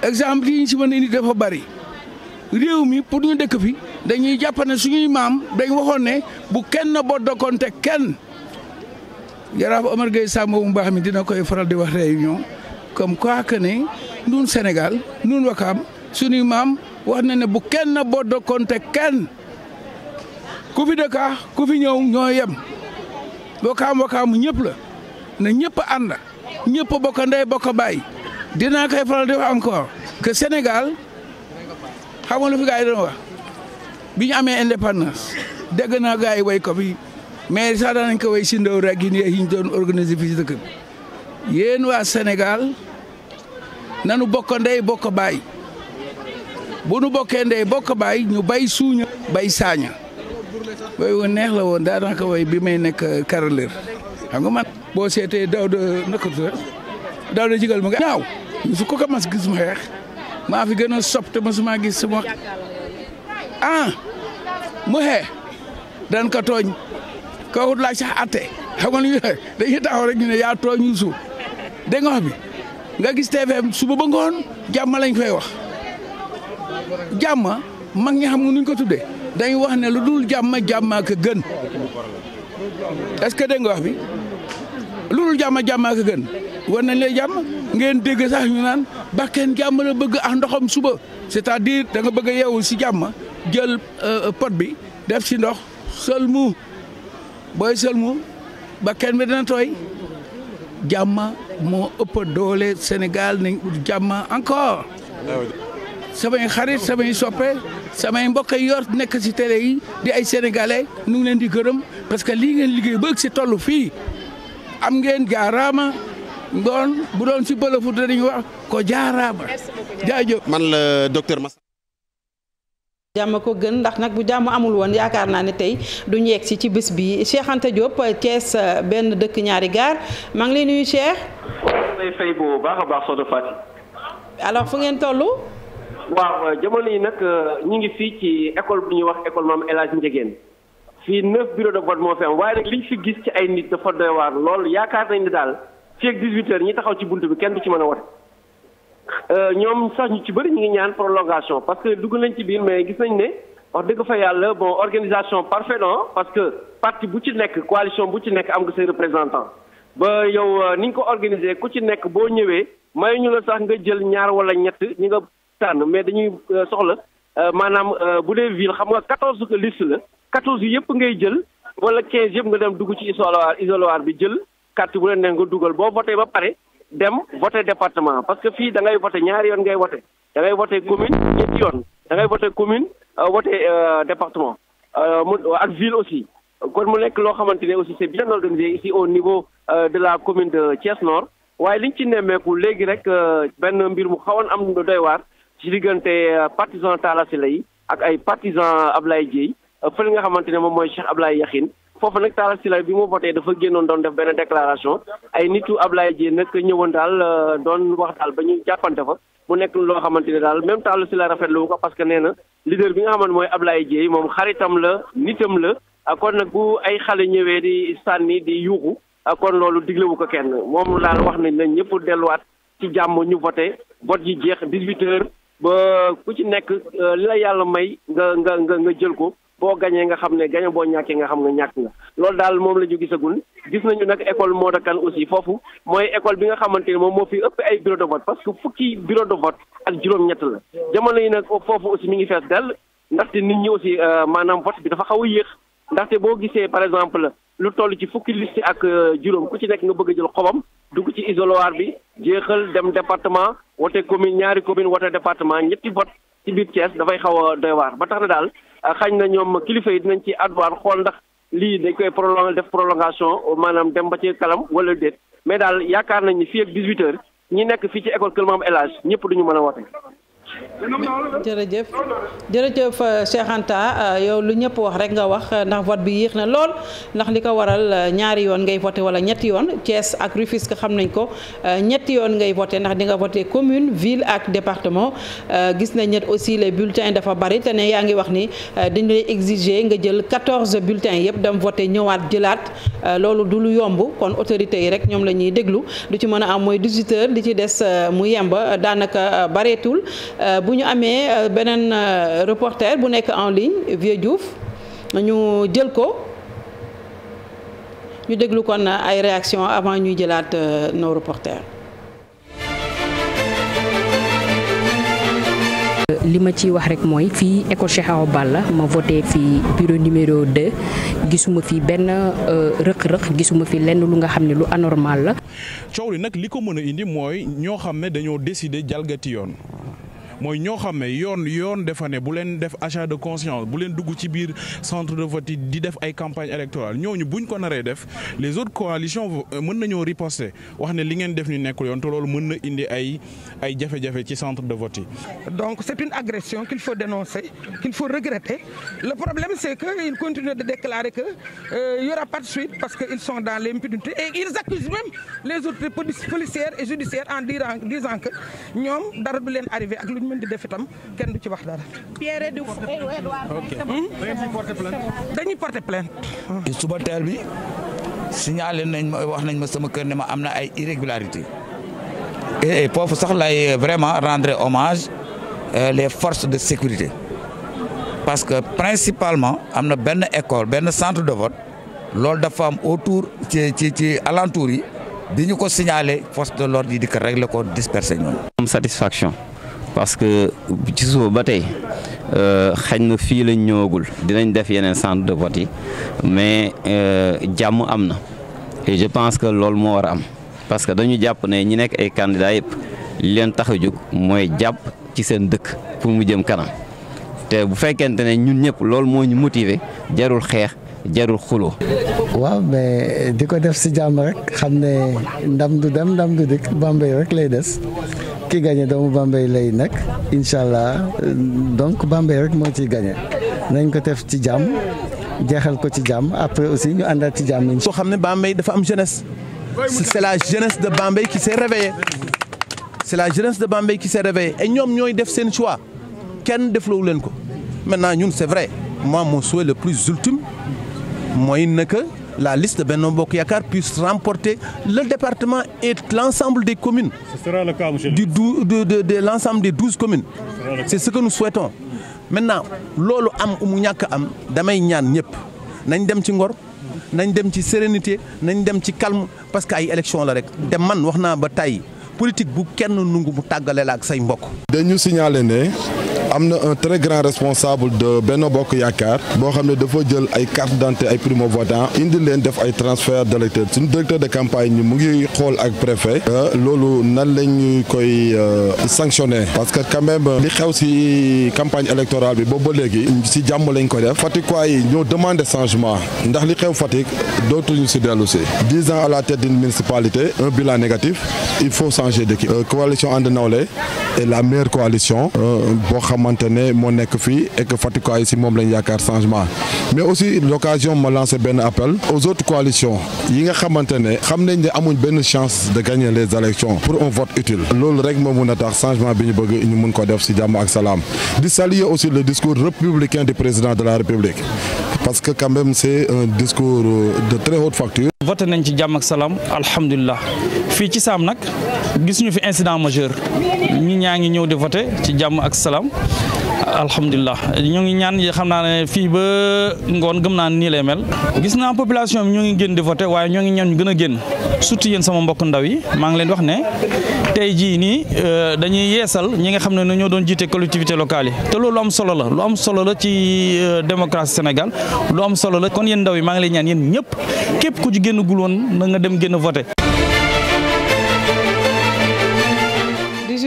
exemple yi ñu si mën a bari réew mi pour ñu dëkk fi dañuy jàpp ne suñuy maam dañ waxoon ne bu kenn boddokoon te kenn jaraaf Omar Gueye Samb mu baax mi dina koy faral di wax réunion comme quoi que ne nun Sénégal nun Wakaam suñuy maam wax na ne bu kenn boddokoon te kenn ku fi dëkk ah, ku fi ñëw ñoo yem wakaam wakaamu ñëpp la na ñëpp ànd ñëpp bokk ndey bokk bàyyi dinaa koy faral di wax encore que Sénégal xam nga lu fi gars yi doon wax bi ñu amee indépendance dégg naa gars yi way ko fi mais sax danañ ko way si yi ñu doon organiser fii si dëkk yéen waa Sénégal nanu bokk ndey bokk bu nu bokkee ndey bokk ñu bay suuña bay saaña way woon neex la woon daanaka way bi may nekk caroleur xam nga boo seetee daw de nakkatu daw de ma nga ñaaw su ko ko mas gis ma xeex maa fi gën gis suma ah mu xee dan ko tooñ kooku laaj sax atte xam nga lu ñu dañuy taxaw rek ñu ne yaa tooñ Youssou dégg nga nga gis TFM suba ba ngoon jàmm lañ fay wax jàmm mag ñi xam nga nuñ ko tuddee dañ wax ne lu dul jàmm jàmmaa ko gën est-ce que dégg nga wax bi lu dul jàmm jàmmaa ko gën war nañ lay jàmm ngeen dégg sax ñu naan bakkeen jàmm la bëgg ak ndoxam suba cest à da nga bëgg a yeewu si jàmm jël euh, pot bi def si ndox sëlmu booy sëlmu bakkeen bi dana tooy jàmm moo ëpp doole Sénégal nañ ut jàmm encore samay xarit samay soppe samay mbokk yor nekk ci télé yi di ay sénégalais nu ngi leen di gërëm parce que lii ngeen liggéey bëgg si tollu fii am ngeen jaaraama ngoon bu doon si bëlëfu dañuy wax ko jaaraama man la docteur Massa jàmm ko gën ndax nag bu jàmm amul woon yaakaar naa ne tey du ñu yegg si ci bés bi Cheikh Anta Diop benn dëkk ñaari gaar maa ngi lay nuyu Cheikh. waaw fay baax a baax alors fu ngeen toll. waaw euh, jamono yi nag euh, ñu ngi fii ci école bu ñuy wax école maam El Hadj Ndiégène fii neuf bureau de vote moo fi am waaye nag liñ fi gis ci ay nit dafa doy waar lool yaakaar nañ ne daal fii ak 18 heures ñi taxaw ci bunt bi kenn du ci mën a wote. Euh, ñoom sax ñu ci bëri ñu ngi ñaan prolongation parce que dugg nañ ci biir mais gis nañ ne wax dëgg fa yàlla bon organisation parfait non parce que parti bu ci nekk coalition bu ci nekk am nga say représentant ba ñu ko organisé ku ci nekk boo ñëwee may jël ñaar wala ñett tànn mais dañuy euh, soxla euh, maanaam euh, bu dee ville xam nga quatorze liste la quatorze yëpp ngay jël wala quinze yëpp nga dem dugg ci isoloir isoloir bi jël carte bu leen ne nga dugal boo voté ba pare dem voté département parce que fii da ngay voté ñaari yoon ngay voté da ngay voté commune ñetti yoon da ngay voté commune voté département ak ville aussi kon mu nekk loo xamante ne aussi c'est bien organisé ici au niveau de la commune de Thiès Nord waaye liñ ci nemmeeku léegi rek benn mbir mu xawoon am doy waar ci diggante euh, partisan Talla Sylla yi ak ay partisan Ablaye Dièye euh, fële nga xamante ne moom mooy Cheikh Ablaye Yakhine foofu nag Talla Sylla bi mu voté dafa génnoon doon def benn déclaration ay nitu Ablaye Dièye nag ñëwoon daal euh, doon wax daal ba ñu jàppante fa mu nekk loo xamante ne daal même Talla Sylla rafetlu ko parce que nee na leader bi nga xamante mooy Ablaye Dièye moom xaritam la nitam la ah, kon nag bu ay xale ñëwee di sànni di yuuxu ah, kon loolu diglewu ko kenn moom daal wax nañ ne ñëpp delluwaat ci jàmm ñu voté vote yi jeex 18 heures ba ku ci nekk euh, la yàlla may nga nga nga nga jël ko boo gañee nga xam ne gañe boo ñàkkee nga xam nga ñàkk nga loolu daal moom la ñu gisagul gis nañu nag école Modou Kane aussi foofu mooy école bi nga xamante ne moom moo fi ëpp ay bureau de vote parce que fukki bureau de vote ak juróom-ñett la jamono yi nag foofu aussi mu ngi fees dell ndaxte nit ñi aussi euh, maanaam vote bi dafa xaw a yéex ndaxte boo gisee par exemple lu toll ci fukki liste ak euh, juróom ku ci nekk nga bëgg a jël xobam dugg ci isoloir bi wote commune ñaari commune wote département ñetti vote ci biir Thiès dafay xaw a doy waar ba tax na daal euh, xañ na ñoom kilifa yi dinañ ci adduwaar xool ndax lii dañ koy prolong def prolongation maanaam dem ba ci kalam wala déet mais daal yaakaar nañ ni fii ak 18 heures ñi nekk fii ci école Kër Maam El Hadj ñëpp duñu mën a wote jërëjëf jërëjëf euh, Cheikh Anta euh, yow lu ñëpp wax rek nga wax euh, ndax vote bi yéex na lool ndax li ko waral ñaari yoon ngay voté wala ñetti yoon Thiès ak Rufisque xam nañ ko ñetti yoon ngay voté ndax di nga voté commune ville ak département gis nañ ñett aussi les bulletin dafa bari te ne yaa ngi wax ni dañu lay exiger nga jël 14 bulletins yëpp dem voté ñëwaat jëlaat loolu du lu yomb kon autorités yi rek ñoom la ñuy déglu du ci mën a am mooy 18 di li des mu yemb daanaka bareetul. Euh, bu ñu amee euh, beneen euh, reporter bu nekk en ligne Vieux Diouf ñu jël ko ñu déglu kon ay réaction avant ñuy jëlaat nos reporters. li ma ci wax rek mooy fii école Cheikh la ma voté fii bureau numéro 2 gisuma fi benn rëq-rëq gisuma fi lenn lu nga xam ne lu anormal la. coow li nag li ko mën a indi mooy ñoo xam ne dañoo décider jalgati yoon. mooy ñoo xam ne yoon yoon dafa bu leen def achat de conscience bu leen dugg ci biir centre de vote yi di def ay campagne électorale ñooñu buñ ko naree def les autres coalitions mën nañoo riposter wax ne li ngeen def ñu nekkul yoon loolu mën na indi ay jafe-jafe ci centre de vote yi. donc c'est une agression qu'il faut dénoncer qu'il faut regretter le problème c'est que ils de déclarer que euh, il suite parce que sont dans les autres et judiciaires ñu def itam kenn ci wax dara. Hmm? dañuy porter plainte. ci suba teel bi signalé nañ ma wax nañ ma sama kër ne ma am na ay irrégularité et foofu sax lay vraiment rendre hommage euh, les force de sécurité parce que principalement am na benn école benn centre de vote loolu dafa am autour ci ci ci alentour yi bi ñu ko signalé force de l'ordre yi di ko régler ko disperser ñoom. am satisfaction. parce que ci suba ba tey euh, xañ na fii lañ ñëwagul dinañ def yeneen centre de vote yi mais euh, jàmm am na et je pense que loolu moo war a am parce que dañu jàpp ne ñu nekk ay candidats yëpp leen tax a jóg mooy jàpp ci seen dëkk pour mu jëm kanam te bu fekkente ne ñun ñëpp loolu moo ñu motiver jarul xeex jarul xuloo waaw mais di ko def si jàmm rek xam ne ndam du dem ndam du dikk Bambey rek lay des. ki gagné doomu Bambey lay nekk incha allah donc Bambey rek moo ciy gagné nañ ko def ci jàmm jeexal ko ci jàmm après aussi ñu àndaat ci jàmm yi. soo xam ne Bambey dafa am jeunesse c'est la jeunesse de Bambey qui s'est réveillée c'est la jeunesse de Bambey qui s'est réveillée et ñoom ñooy def seen choix kenn defloo leen ko maintenant ñun c'est vrai moi mon souhait le plus ultime mooy nekk. la liste de mbokk Bokuyakar puisse remporter le département et l'ensemble des communes. Ce sera le cas, monsieur. de, de, de l'ensemble des 12 communes. C'est ce que nous souhaitons. loolu am mu ñàkk am damay ñaan ñëpp nañ dem ci ngor nañ dem ci sérénité nañ dem ci calme parce que ay élection la rek dem man wax naa ba tey politique bu kenn nungu mu tàggale la ak say mbokk. dañu signaler ne. am na un très grand responsable de benn Bokk Yaakaar boo xam ne dafa jël ay carte d'identité ay primo votant indi leen def ay transfert d'électeurs suñu directeur de campagne ñu mu ngi xool ak préfet euh, loolu nan la ñu koy euh, sanctionner parce que quand même li xew si campagne électorale bi boobu ba léegi si jàmm lañ ko def Fatickois yi ñoo demande changement ndax li xew Fatick dootuñu si dellu si dix ans à la tête d'une municipalité un bilan négatif il faut changer d'équipe euh, coalition And Nawlé la meilleure coalition xamante ne moo nekk fii et que Fatickais si moom lañ yaakaar changement mais aussi l'occasion ma lancer benn appel aux autres coalitions yi nga xamante ne xam nañ ne amuñ benn chance de gagner les élections pour un vote utile loolu rek moo mun a tax changement bi ñu bëgg ñu mun ko def si jàmm ak salaam di saluer aussi le discours républicain du président de la République parce que quand même c'est un discours euh, de très haute facture. voté nañ ci jàmm ak salaam alhamdulilah fii ci saam nag gisuñu fi incident majeur ñaa ngi ñëw di voté ci jàmm ak salaam. alhamdulilah ñu ngi ñaan xam naa ne fii ba ngoon gëm naa nii lay mel gis naa population bi ñoo ngi génn di voté waaye ñoo ngi ñaan ñu gën a génn surtout yéen sama mbokk ndaw yi maa ngi leen wax ne tey jii nii euh, dañuy yeesal ñi nga xam ne na ñoo doon jiite collectivité locale yi te loolu am solo la lu am solo la ci euh, démocratie Sénégal lu am solo la kon yéen ndaw yi maa ngi leen ñaan yéen ñëpp képp ku ci génn gul na nga dem génn voté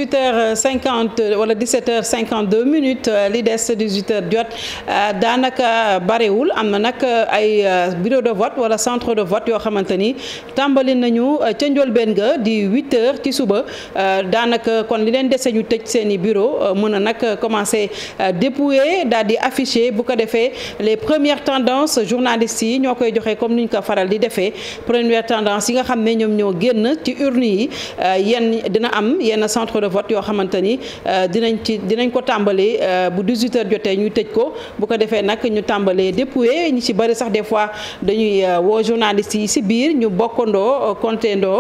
18 heures 50 wala 17 heures 52 minutes euh, li des 18 heures jot euh, daanaka barewul am na nag euh, ay bureau de vote wala centre de vote yoo xamante ni tàmbali nañu ca njolbeen ga di 8 heures ci suba daanaka kon li leen dese ñu tëj seen i bureau mën a nag commencé dépouiller daal di afficher bu ko defee les premières tendances journalistes yi ñoo koy joxe comme ni ñu ko faral di defee première tendance yi nga xam ne ñoom ñoo génn ci urne yi yenn dina am yenn centre de vote yoo xamante ni euh, dinañ ci dinañ ko tàmbali euh, bu 18h jotee ñu tëj ko bu ko defee nag ñu tàmbalee dépouiller ñu ci bëri sax des fois dañuy euh, woo journalistes yi ci biir ñu bokkandoo comptendoo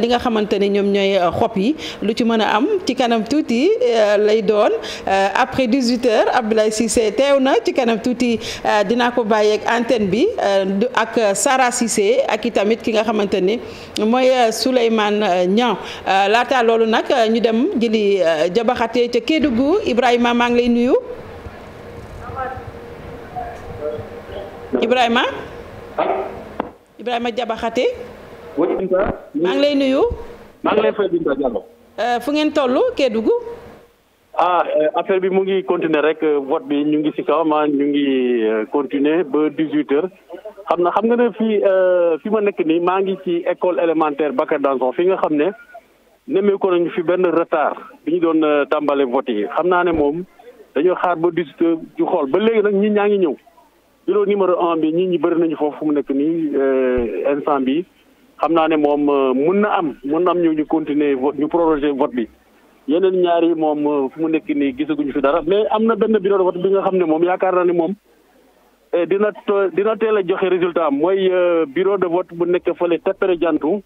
li nga xamante ni ñoom ñooy xob yi lu ci mën a am ci kanam tuuti lay doon après 18h Abdoulaye Cissé teew na ci kanam tuuti dinaa ko bàyyeek antenne bi ak Sara Cissé ak i tamit ki nga xamante ni mooy Souleymane Niang laata loolu nag ñu dem. dem jëli euh, jabaxate ca Kédougou Ibrahima maa ngi lay nuyu Ibrahima Ibrahima jabaxate maa ngi lay nuyu maa ngi lay fay Binta Diallo euh, fu ngeen toll Kédougou ah euh, affaire bi mu ngi continuer rek vote bi ñu ngi si kawama ñu ngi continuer ba dix xam na xam nga ne fii fi ma nekk nii maa ngi ci école élémentaire Bakar Danson fi nga xam ne nemmee ko nañu fi benn retard bi ñu doon euh, tàmbale vote yi xam naa ne moom dañoo xaar ba dix ju xool ba léegi nag ñi ñaa ngi ñëw bureau numéro un bi ñi ñi bëri nañu foofu fu mu nekk nii euh, instant bi xam naa ne moom euh, mun na am mun na am ñu ñu continuer ñu proroger vote bi yeneen ñaari yi moom fu mu nekk nii gisaguñu fi dara mais am na benn bureau de vote bi nga xam ne moom yaakaar naa ne moom dina dina teel a joxe résultat am mooy bureau de vote bu nekk fële Teppere Jantu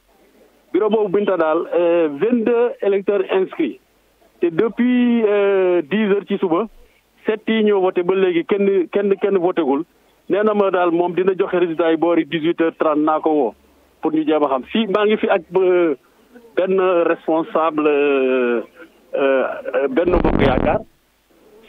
bureau boobu Binta daal euh, vingt deux électeurs inscrits te depuis euh, dix heures ci suba set yi ñëw woote ba léegi kenn kenn kenn votegul nee na ma daal moom dina joxe résultat yi boori dix huit heures trente naa ko woo pour ñu jéem a xam fii maa ngi fi ak euh, benn responsable benn bokk yaakaar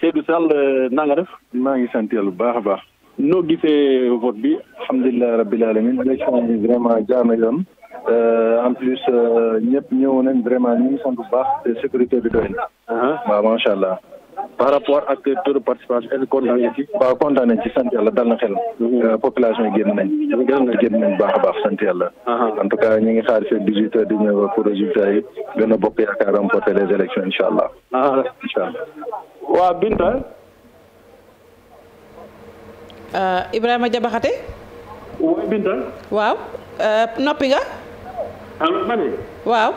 Seydou Sall na def. maa ngi sant yàlla baax a baax. noo gisee vote bi alhamdulilah rabbil alamin élection bi vraiment jaar na yoon euh, en plus euh, ñëpp ñëw nañ vraiment ñu ngi sant bu baax te sécurité bi doy na. Uh-huh. waaw macha allah. par rapport ak taux de participation est-ce que kontaan nga ci. waaw sant yàlla dal na xel. Uh-huh. Euh, population yi génn nañ. génn nga génn nañ baax a baax sant yàlla. Uh-huh. en tout cas ñu ngi xaar fii dix huit heures di ñëw pour résultat yi gën a bokk yaakaar remporter les élections incha allah. waa Binta. Euh, Ibrahima Jabaxate waaw euh, noppi nga. allo ma waaw.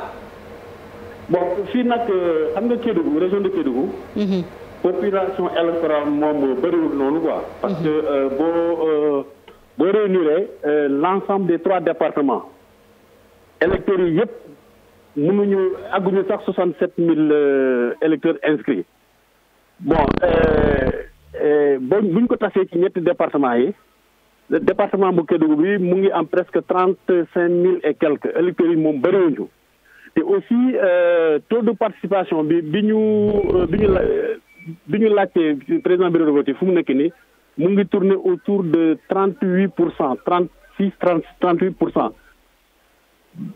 bon fii nag euh, xam nga Kédougou région de Kédougou. Mhm. population électorale moom bëriwul noonu quoi. parce que mhm. boo boo réuniree l' ensemble des trois départements. électeurs yi yëpp mënuñu àgguñu sax soixante sept mille électeurs inscrits bon. Eh, bu ñu ko tasee ci ñetti département yi département bu Kédougou bi mu ngi am presque trente cinq mille et quelques électeurs yi moom bëriwuñu te aussi euh, taux de participation bi bi ñu euh, bi ñu la bi ñu laajtee président bureau de vote fu mu nekk nii mu ngi tourner autour de trente huit pour cent trente six trente trente huit pour cent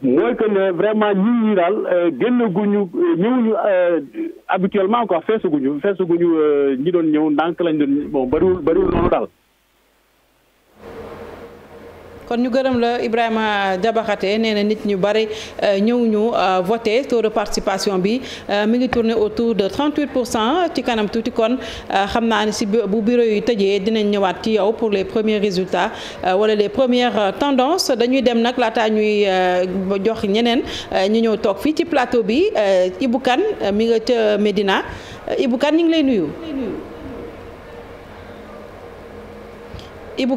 mooy que ne vraiment ñun ñi daal euh, génn guñu euh, ñëwuñu euh, habituellement quoi feesaguñu feesaguñu ñi doon ñëw ndànk lañ doon bon bariwul bariwul noonu daal. kon ñu gërëm la Ibrahima Diabakhate nee na nit ñu bari euh, ñëw ñu euh, voté taux de participation bi euh, mi ngi tourné autour de 38 pour cent ci kanam tuuti kon xam naa ne si bu bureau yu tëjee dinañ ñëwaat ci yow pour les premiers résultats wala les premières tendances dañuy dem nag laataa ñuy jox ñeneen ñi ñëw toog fii ci plateau bi Ibou mi nga ca Médina Ibou Kane ñu ngi lay nuyu. Ibou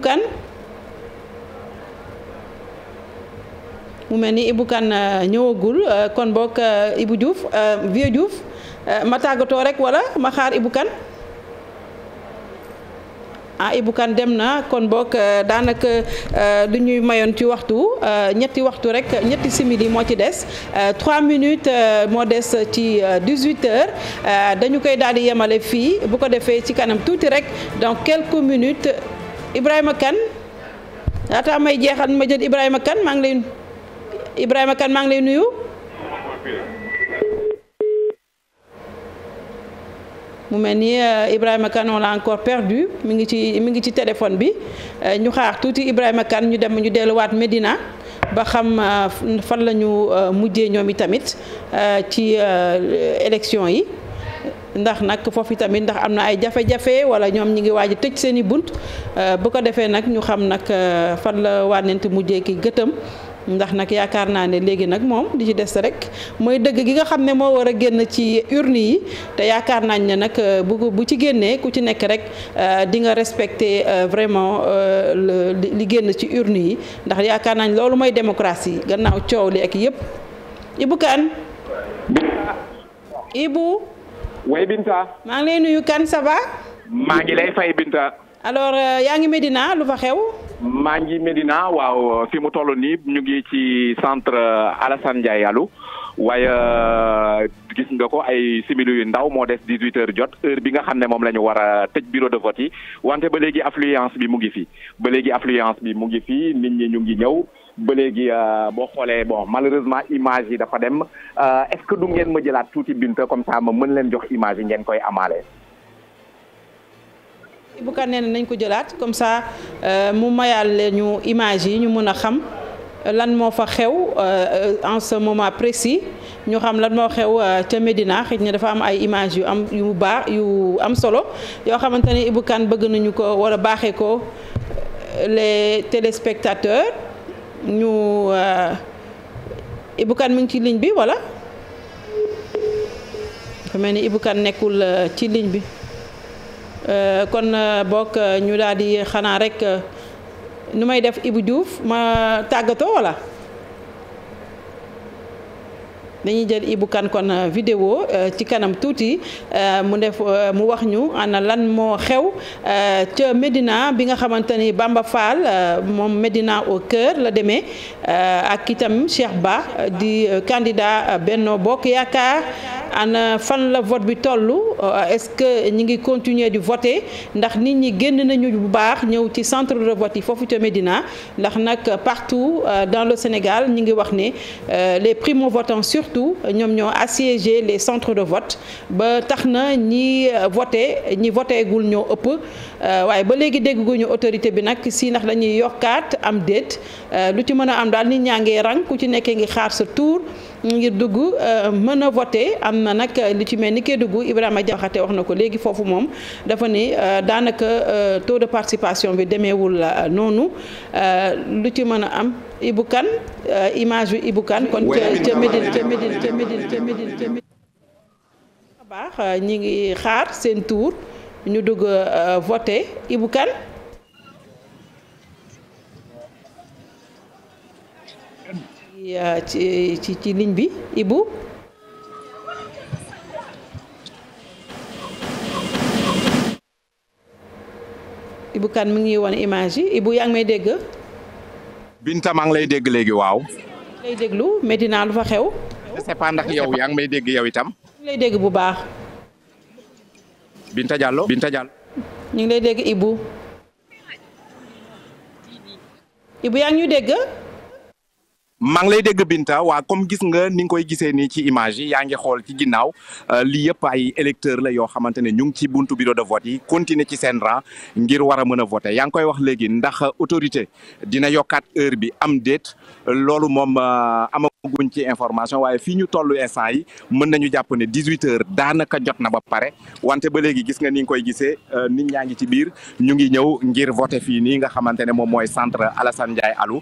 mu mel ni Ibou Kane euh, ñëwagul euh, kon boog euh, Ibou Diouf Vieux Diouf ma tàggatoo rek wala ma xaar Ibou ah Ibou Kane dem na kon boog daanaka du ñuy mayoon ci waxtu ñetti waxtu rek ñetti simili moo ci des 3 minutes moo des ci 18 heures dañu koy daal di yemale fii bu ko defee ci kanam tuuti rek donc quelques minutes Ibrahima Kane laataa may jeexal ma jël Ibrahima kan maa ngi lay. Ibrahima Kane maa ngi lay nuyu. mu mel ni euh, Ibrahima Kane on l'a encore perdu mi ngi ci mi ngi ci téléphone bi euh, ñu xaar tuuti Ibrahima Kane ñu dem ñu delluwaat médina ba xam euh, fan lañu mujjee ñoom i tamit ci élection yi ndax nag foofu tamit ndax am na ay jafe-jafe wala ñoom ñi ngi waaj a tëj seeni bunt bu ko defee nag ñu xam nag fan la wànnent mujjee ki gëtëm. ndax nag yaakaar naa ne léegi nag moom di ci des rek mooy dëgg gi nga xam ne moo war a génn ci urne yi te yaakaar nañ ne nag euh, bu bu ci génnee ku ci nekk rek euh, di nga respecter euh, vraiment li génn ci urne yi ndax yaakaar nañ loolu mooy démocratie gannaaw coow li ak yëpp Ibou Kane Ibou way Binta maa ngi lay nuyu Kane ça maa ngi lay fay Binta alors yaa ngi Medina lu fa xew maa ngi Medina waaw fi mu toll nii ñu ngi ci centre Alassane Ndiaye Alou waaye euh, gis nga ko ay simili yu ndaw moo des dix huit heures jot heure bi nga xam ne moom la ñu war a tëj bureau de vote yi wante ba léegi affluence bi mu ngi fi ba léegi affluence bi mu ngi fi nit ñi ñu ngi ñëw ba léegi euh, boo xoolee bon malheureusement image yi dafa dem euh, est-ce que du ngeen ma jëlaat tuuti binta comme ça ma mën leen jox image yi ngeen koy amaale. Ibou Kane nañ ko jëlaat comme ça euh, mu mayaale ñu image yi ñu mën a xam euh, lan moo fa xew euh, en ce moment précis ñu xam lan moo xew ca Médina xëy na dafa am ay image yu am yu baax yu am solo yoo xamante ni Ibou bëgg nañu ko wala baaxee ko les téléspectateurs ñu Ibou Kane mu ngi ci ligne bi wala mel ni Ibou nekkul ci ligne bi. Euh, kon euh, bokk euh, ñu daal di xanaa rek nu may def Ibou Diouf ma tàggatoo wala. dañuy jël Ibou kon euh, vidéo euh, ci kanam tuuti euh, mu def mu wax ñu ana lan moo xew ca Médina bi nga xamante ni Bamba Fall moom Médina au cœur la demee ak itam Cheikh Ba di candidat Benno Bokk Yaakaar ana fan la vote bi toll est-ce que ñi ngi continuer du voter ndax nit ñi génn nañu bu baax ñëw ci centre de vote yi foofu ca Médina ndax nag partout dans le Sénégal ñi ngi wax ne les primo-votants surtout surtout ñoom ñoo assiégé les centres de vote ba tax na ñi euh, voté ñi gul ñoo ëpp euh, waaye ba léegi dégg dégguñu autorité bi nag si ndax dañuy yokkaat am déet euh, lu ci mën a am daal nit ñaa ngi rang ku ci nekkee ngi xaar sa tour ngir dugg euh, mën a voter am na nag li ci mel ni Kédougou Ibrahima Diakhaté wax na ko léegi foofu moom dafa ni euh, daanaka euh, taux de participation bi demeewul noonu lu ci mën a am Ibou image bi Ibou Kane kon ca ca Médine ca Médine ca Médine ca Médine baax ñi ngi xaar seen tour ñu dugg voter Ibou Kane ci ci ci bi Ibou. Ibou Kane mi ngi won image yi Ibou may dégg. Binta maa ngi lay dégg léegi waaw. lay déglu metti naa lu fa xew. je sais pas yow yaa ngi may dégg yow itam. ñu lay dégg bu baax. Binta Diallo Binta Diallo. ñu lay dégg Ibou. Ibou yaa ñu dégg. maa ngi lay dégg Binta waa comme gis nga ni nga koy gisee nii ci image yaa ngi xool ci ginnaaw euh, lii yëpp ay électeurs la yoo xamante ne ñu ngi ci buntu bureau de vote yi continuer ci seen ngir war a mën a voter yaa ngi koy wax léegi ndax autorité dina yokkaat heure bi am déet loolu moom euh, amaguñ ci information waaye fii ñu toll instant yi mën nañu jàpp ne dix-huit heures daanaka jot na ba pare wante ba léegi gis nga ni koy gisee euh, nit ñaa ngi ci biir ñu ngi ñëw ngir voter fii nii nga xamante ne moom mooy centre Alassane Ndiaye Alou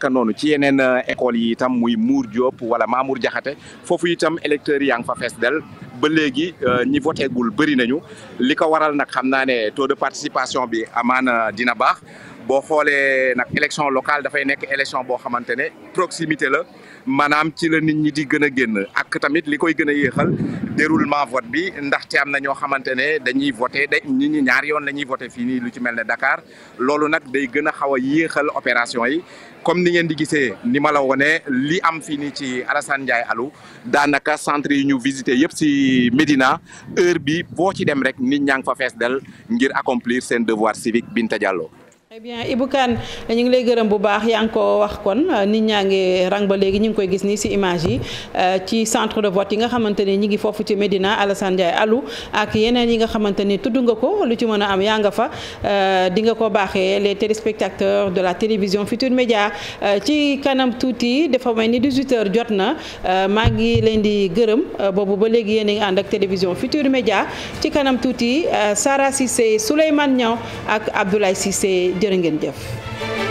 naka noonu ci yeneen euh, école yi itam muy Mour Diop wala Mamour Diakhaté foofu itam électeurs yaa ngi fa fees dal ba léegi euh, ñi voté gul bëri nañu li ko waral nag xam naa ne taux de participation bi amaana dina baax boo xoolee nag élection locale dafay nekk élection boo xamante ne proximité la. maanaam ci la nit ñi di gën a génn ak tamit li koy gën a yéexal déroulement vote bi ndaxte am na ñoo xamante ne dañuy voté da nit ñi ñaar yoon la ñuy voté fii nii lu ci mel ne Dakar loolu nag day gën a xaw a yéexal opération yi comme ni ngeen di gisee ni ma la wone li am fii nii ci Alassane Ndiaye Alou daanaka centre yi ñu visité yëpp si Médina heure bi boo ci dem rek nit ñaa ngi fa fees del ngir accomplir seen devoir civique Binta Diallo très bien Ibou Kane ñu ngi lay gërëm bu baax yaa ngi ko wax kon euh, nit ñaa ngi rang ba léegi ñu ngi koy gis nii si image yi euh, ci centre de vote yi nga xamante ni ñi ngi foofu ci Médina Alassane Ndiaye Alou ak yeneen yi nga xamante ni tudd nga ko lu ci mën a am yaa nga fa euh, di nga ko baaxee les téléspectateurs de la télévision Futur Média ci kanam tuuti dafa may ni 18h jot na maa ngi leen di gërëm boobu ba léegi yéen a ngi ànd ak télévision Futur Média ci kanam tuuti Sara Cissé Souleymane Niang ak Abdoulaye jërë ngeen jëf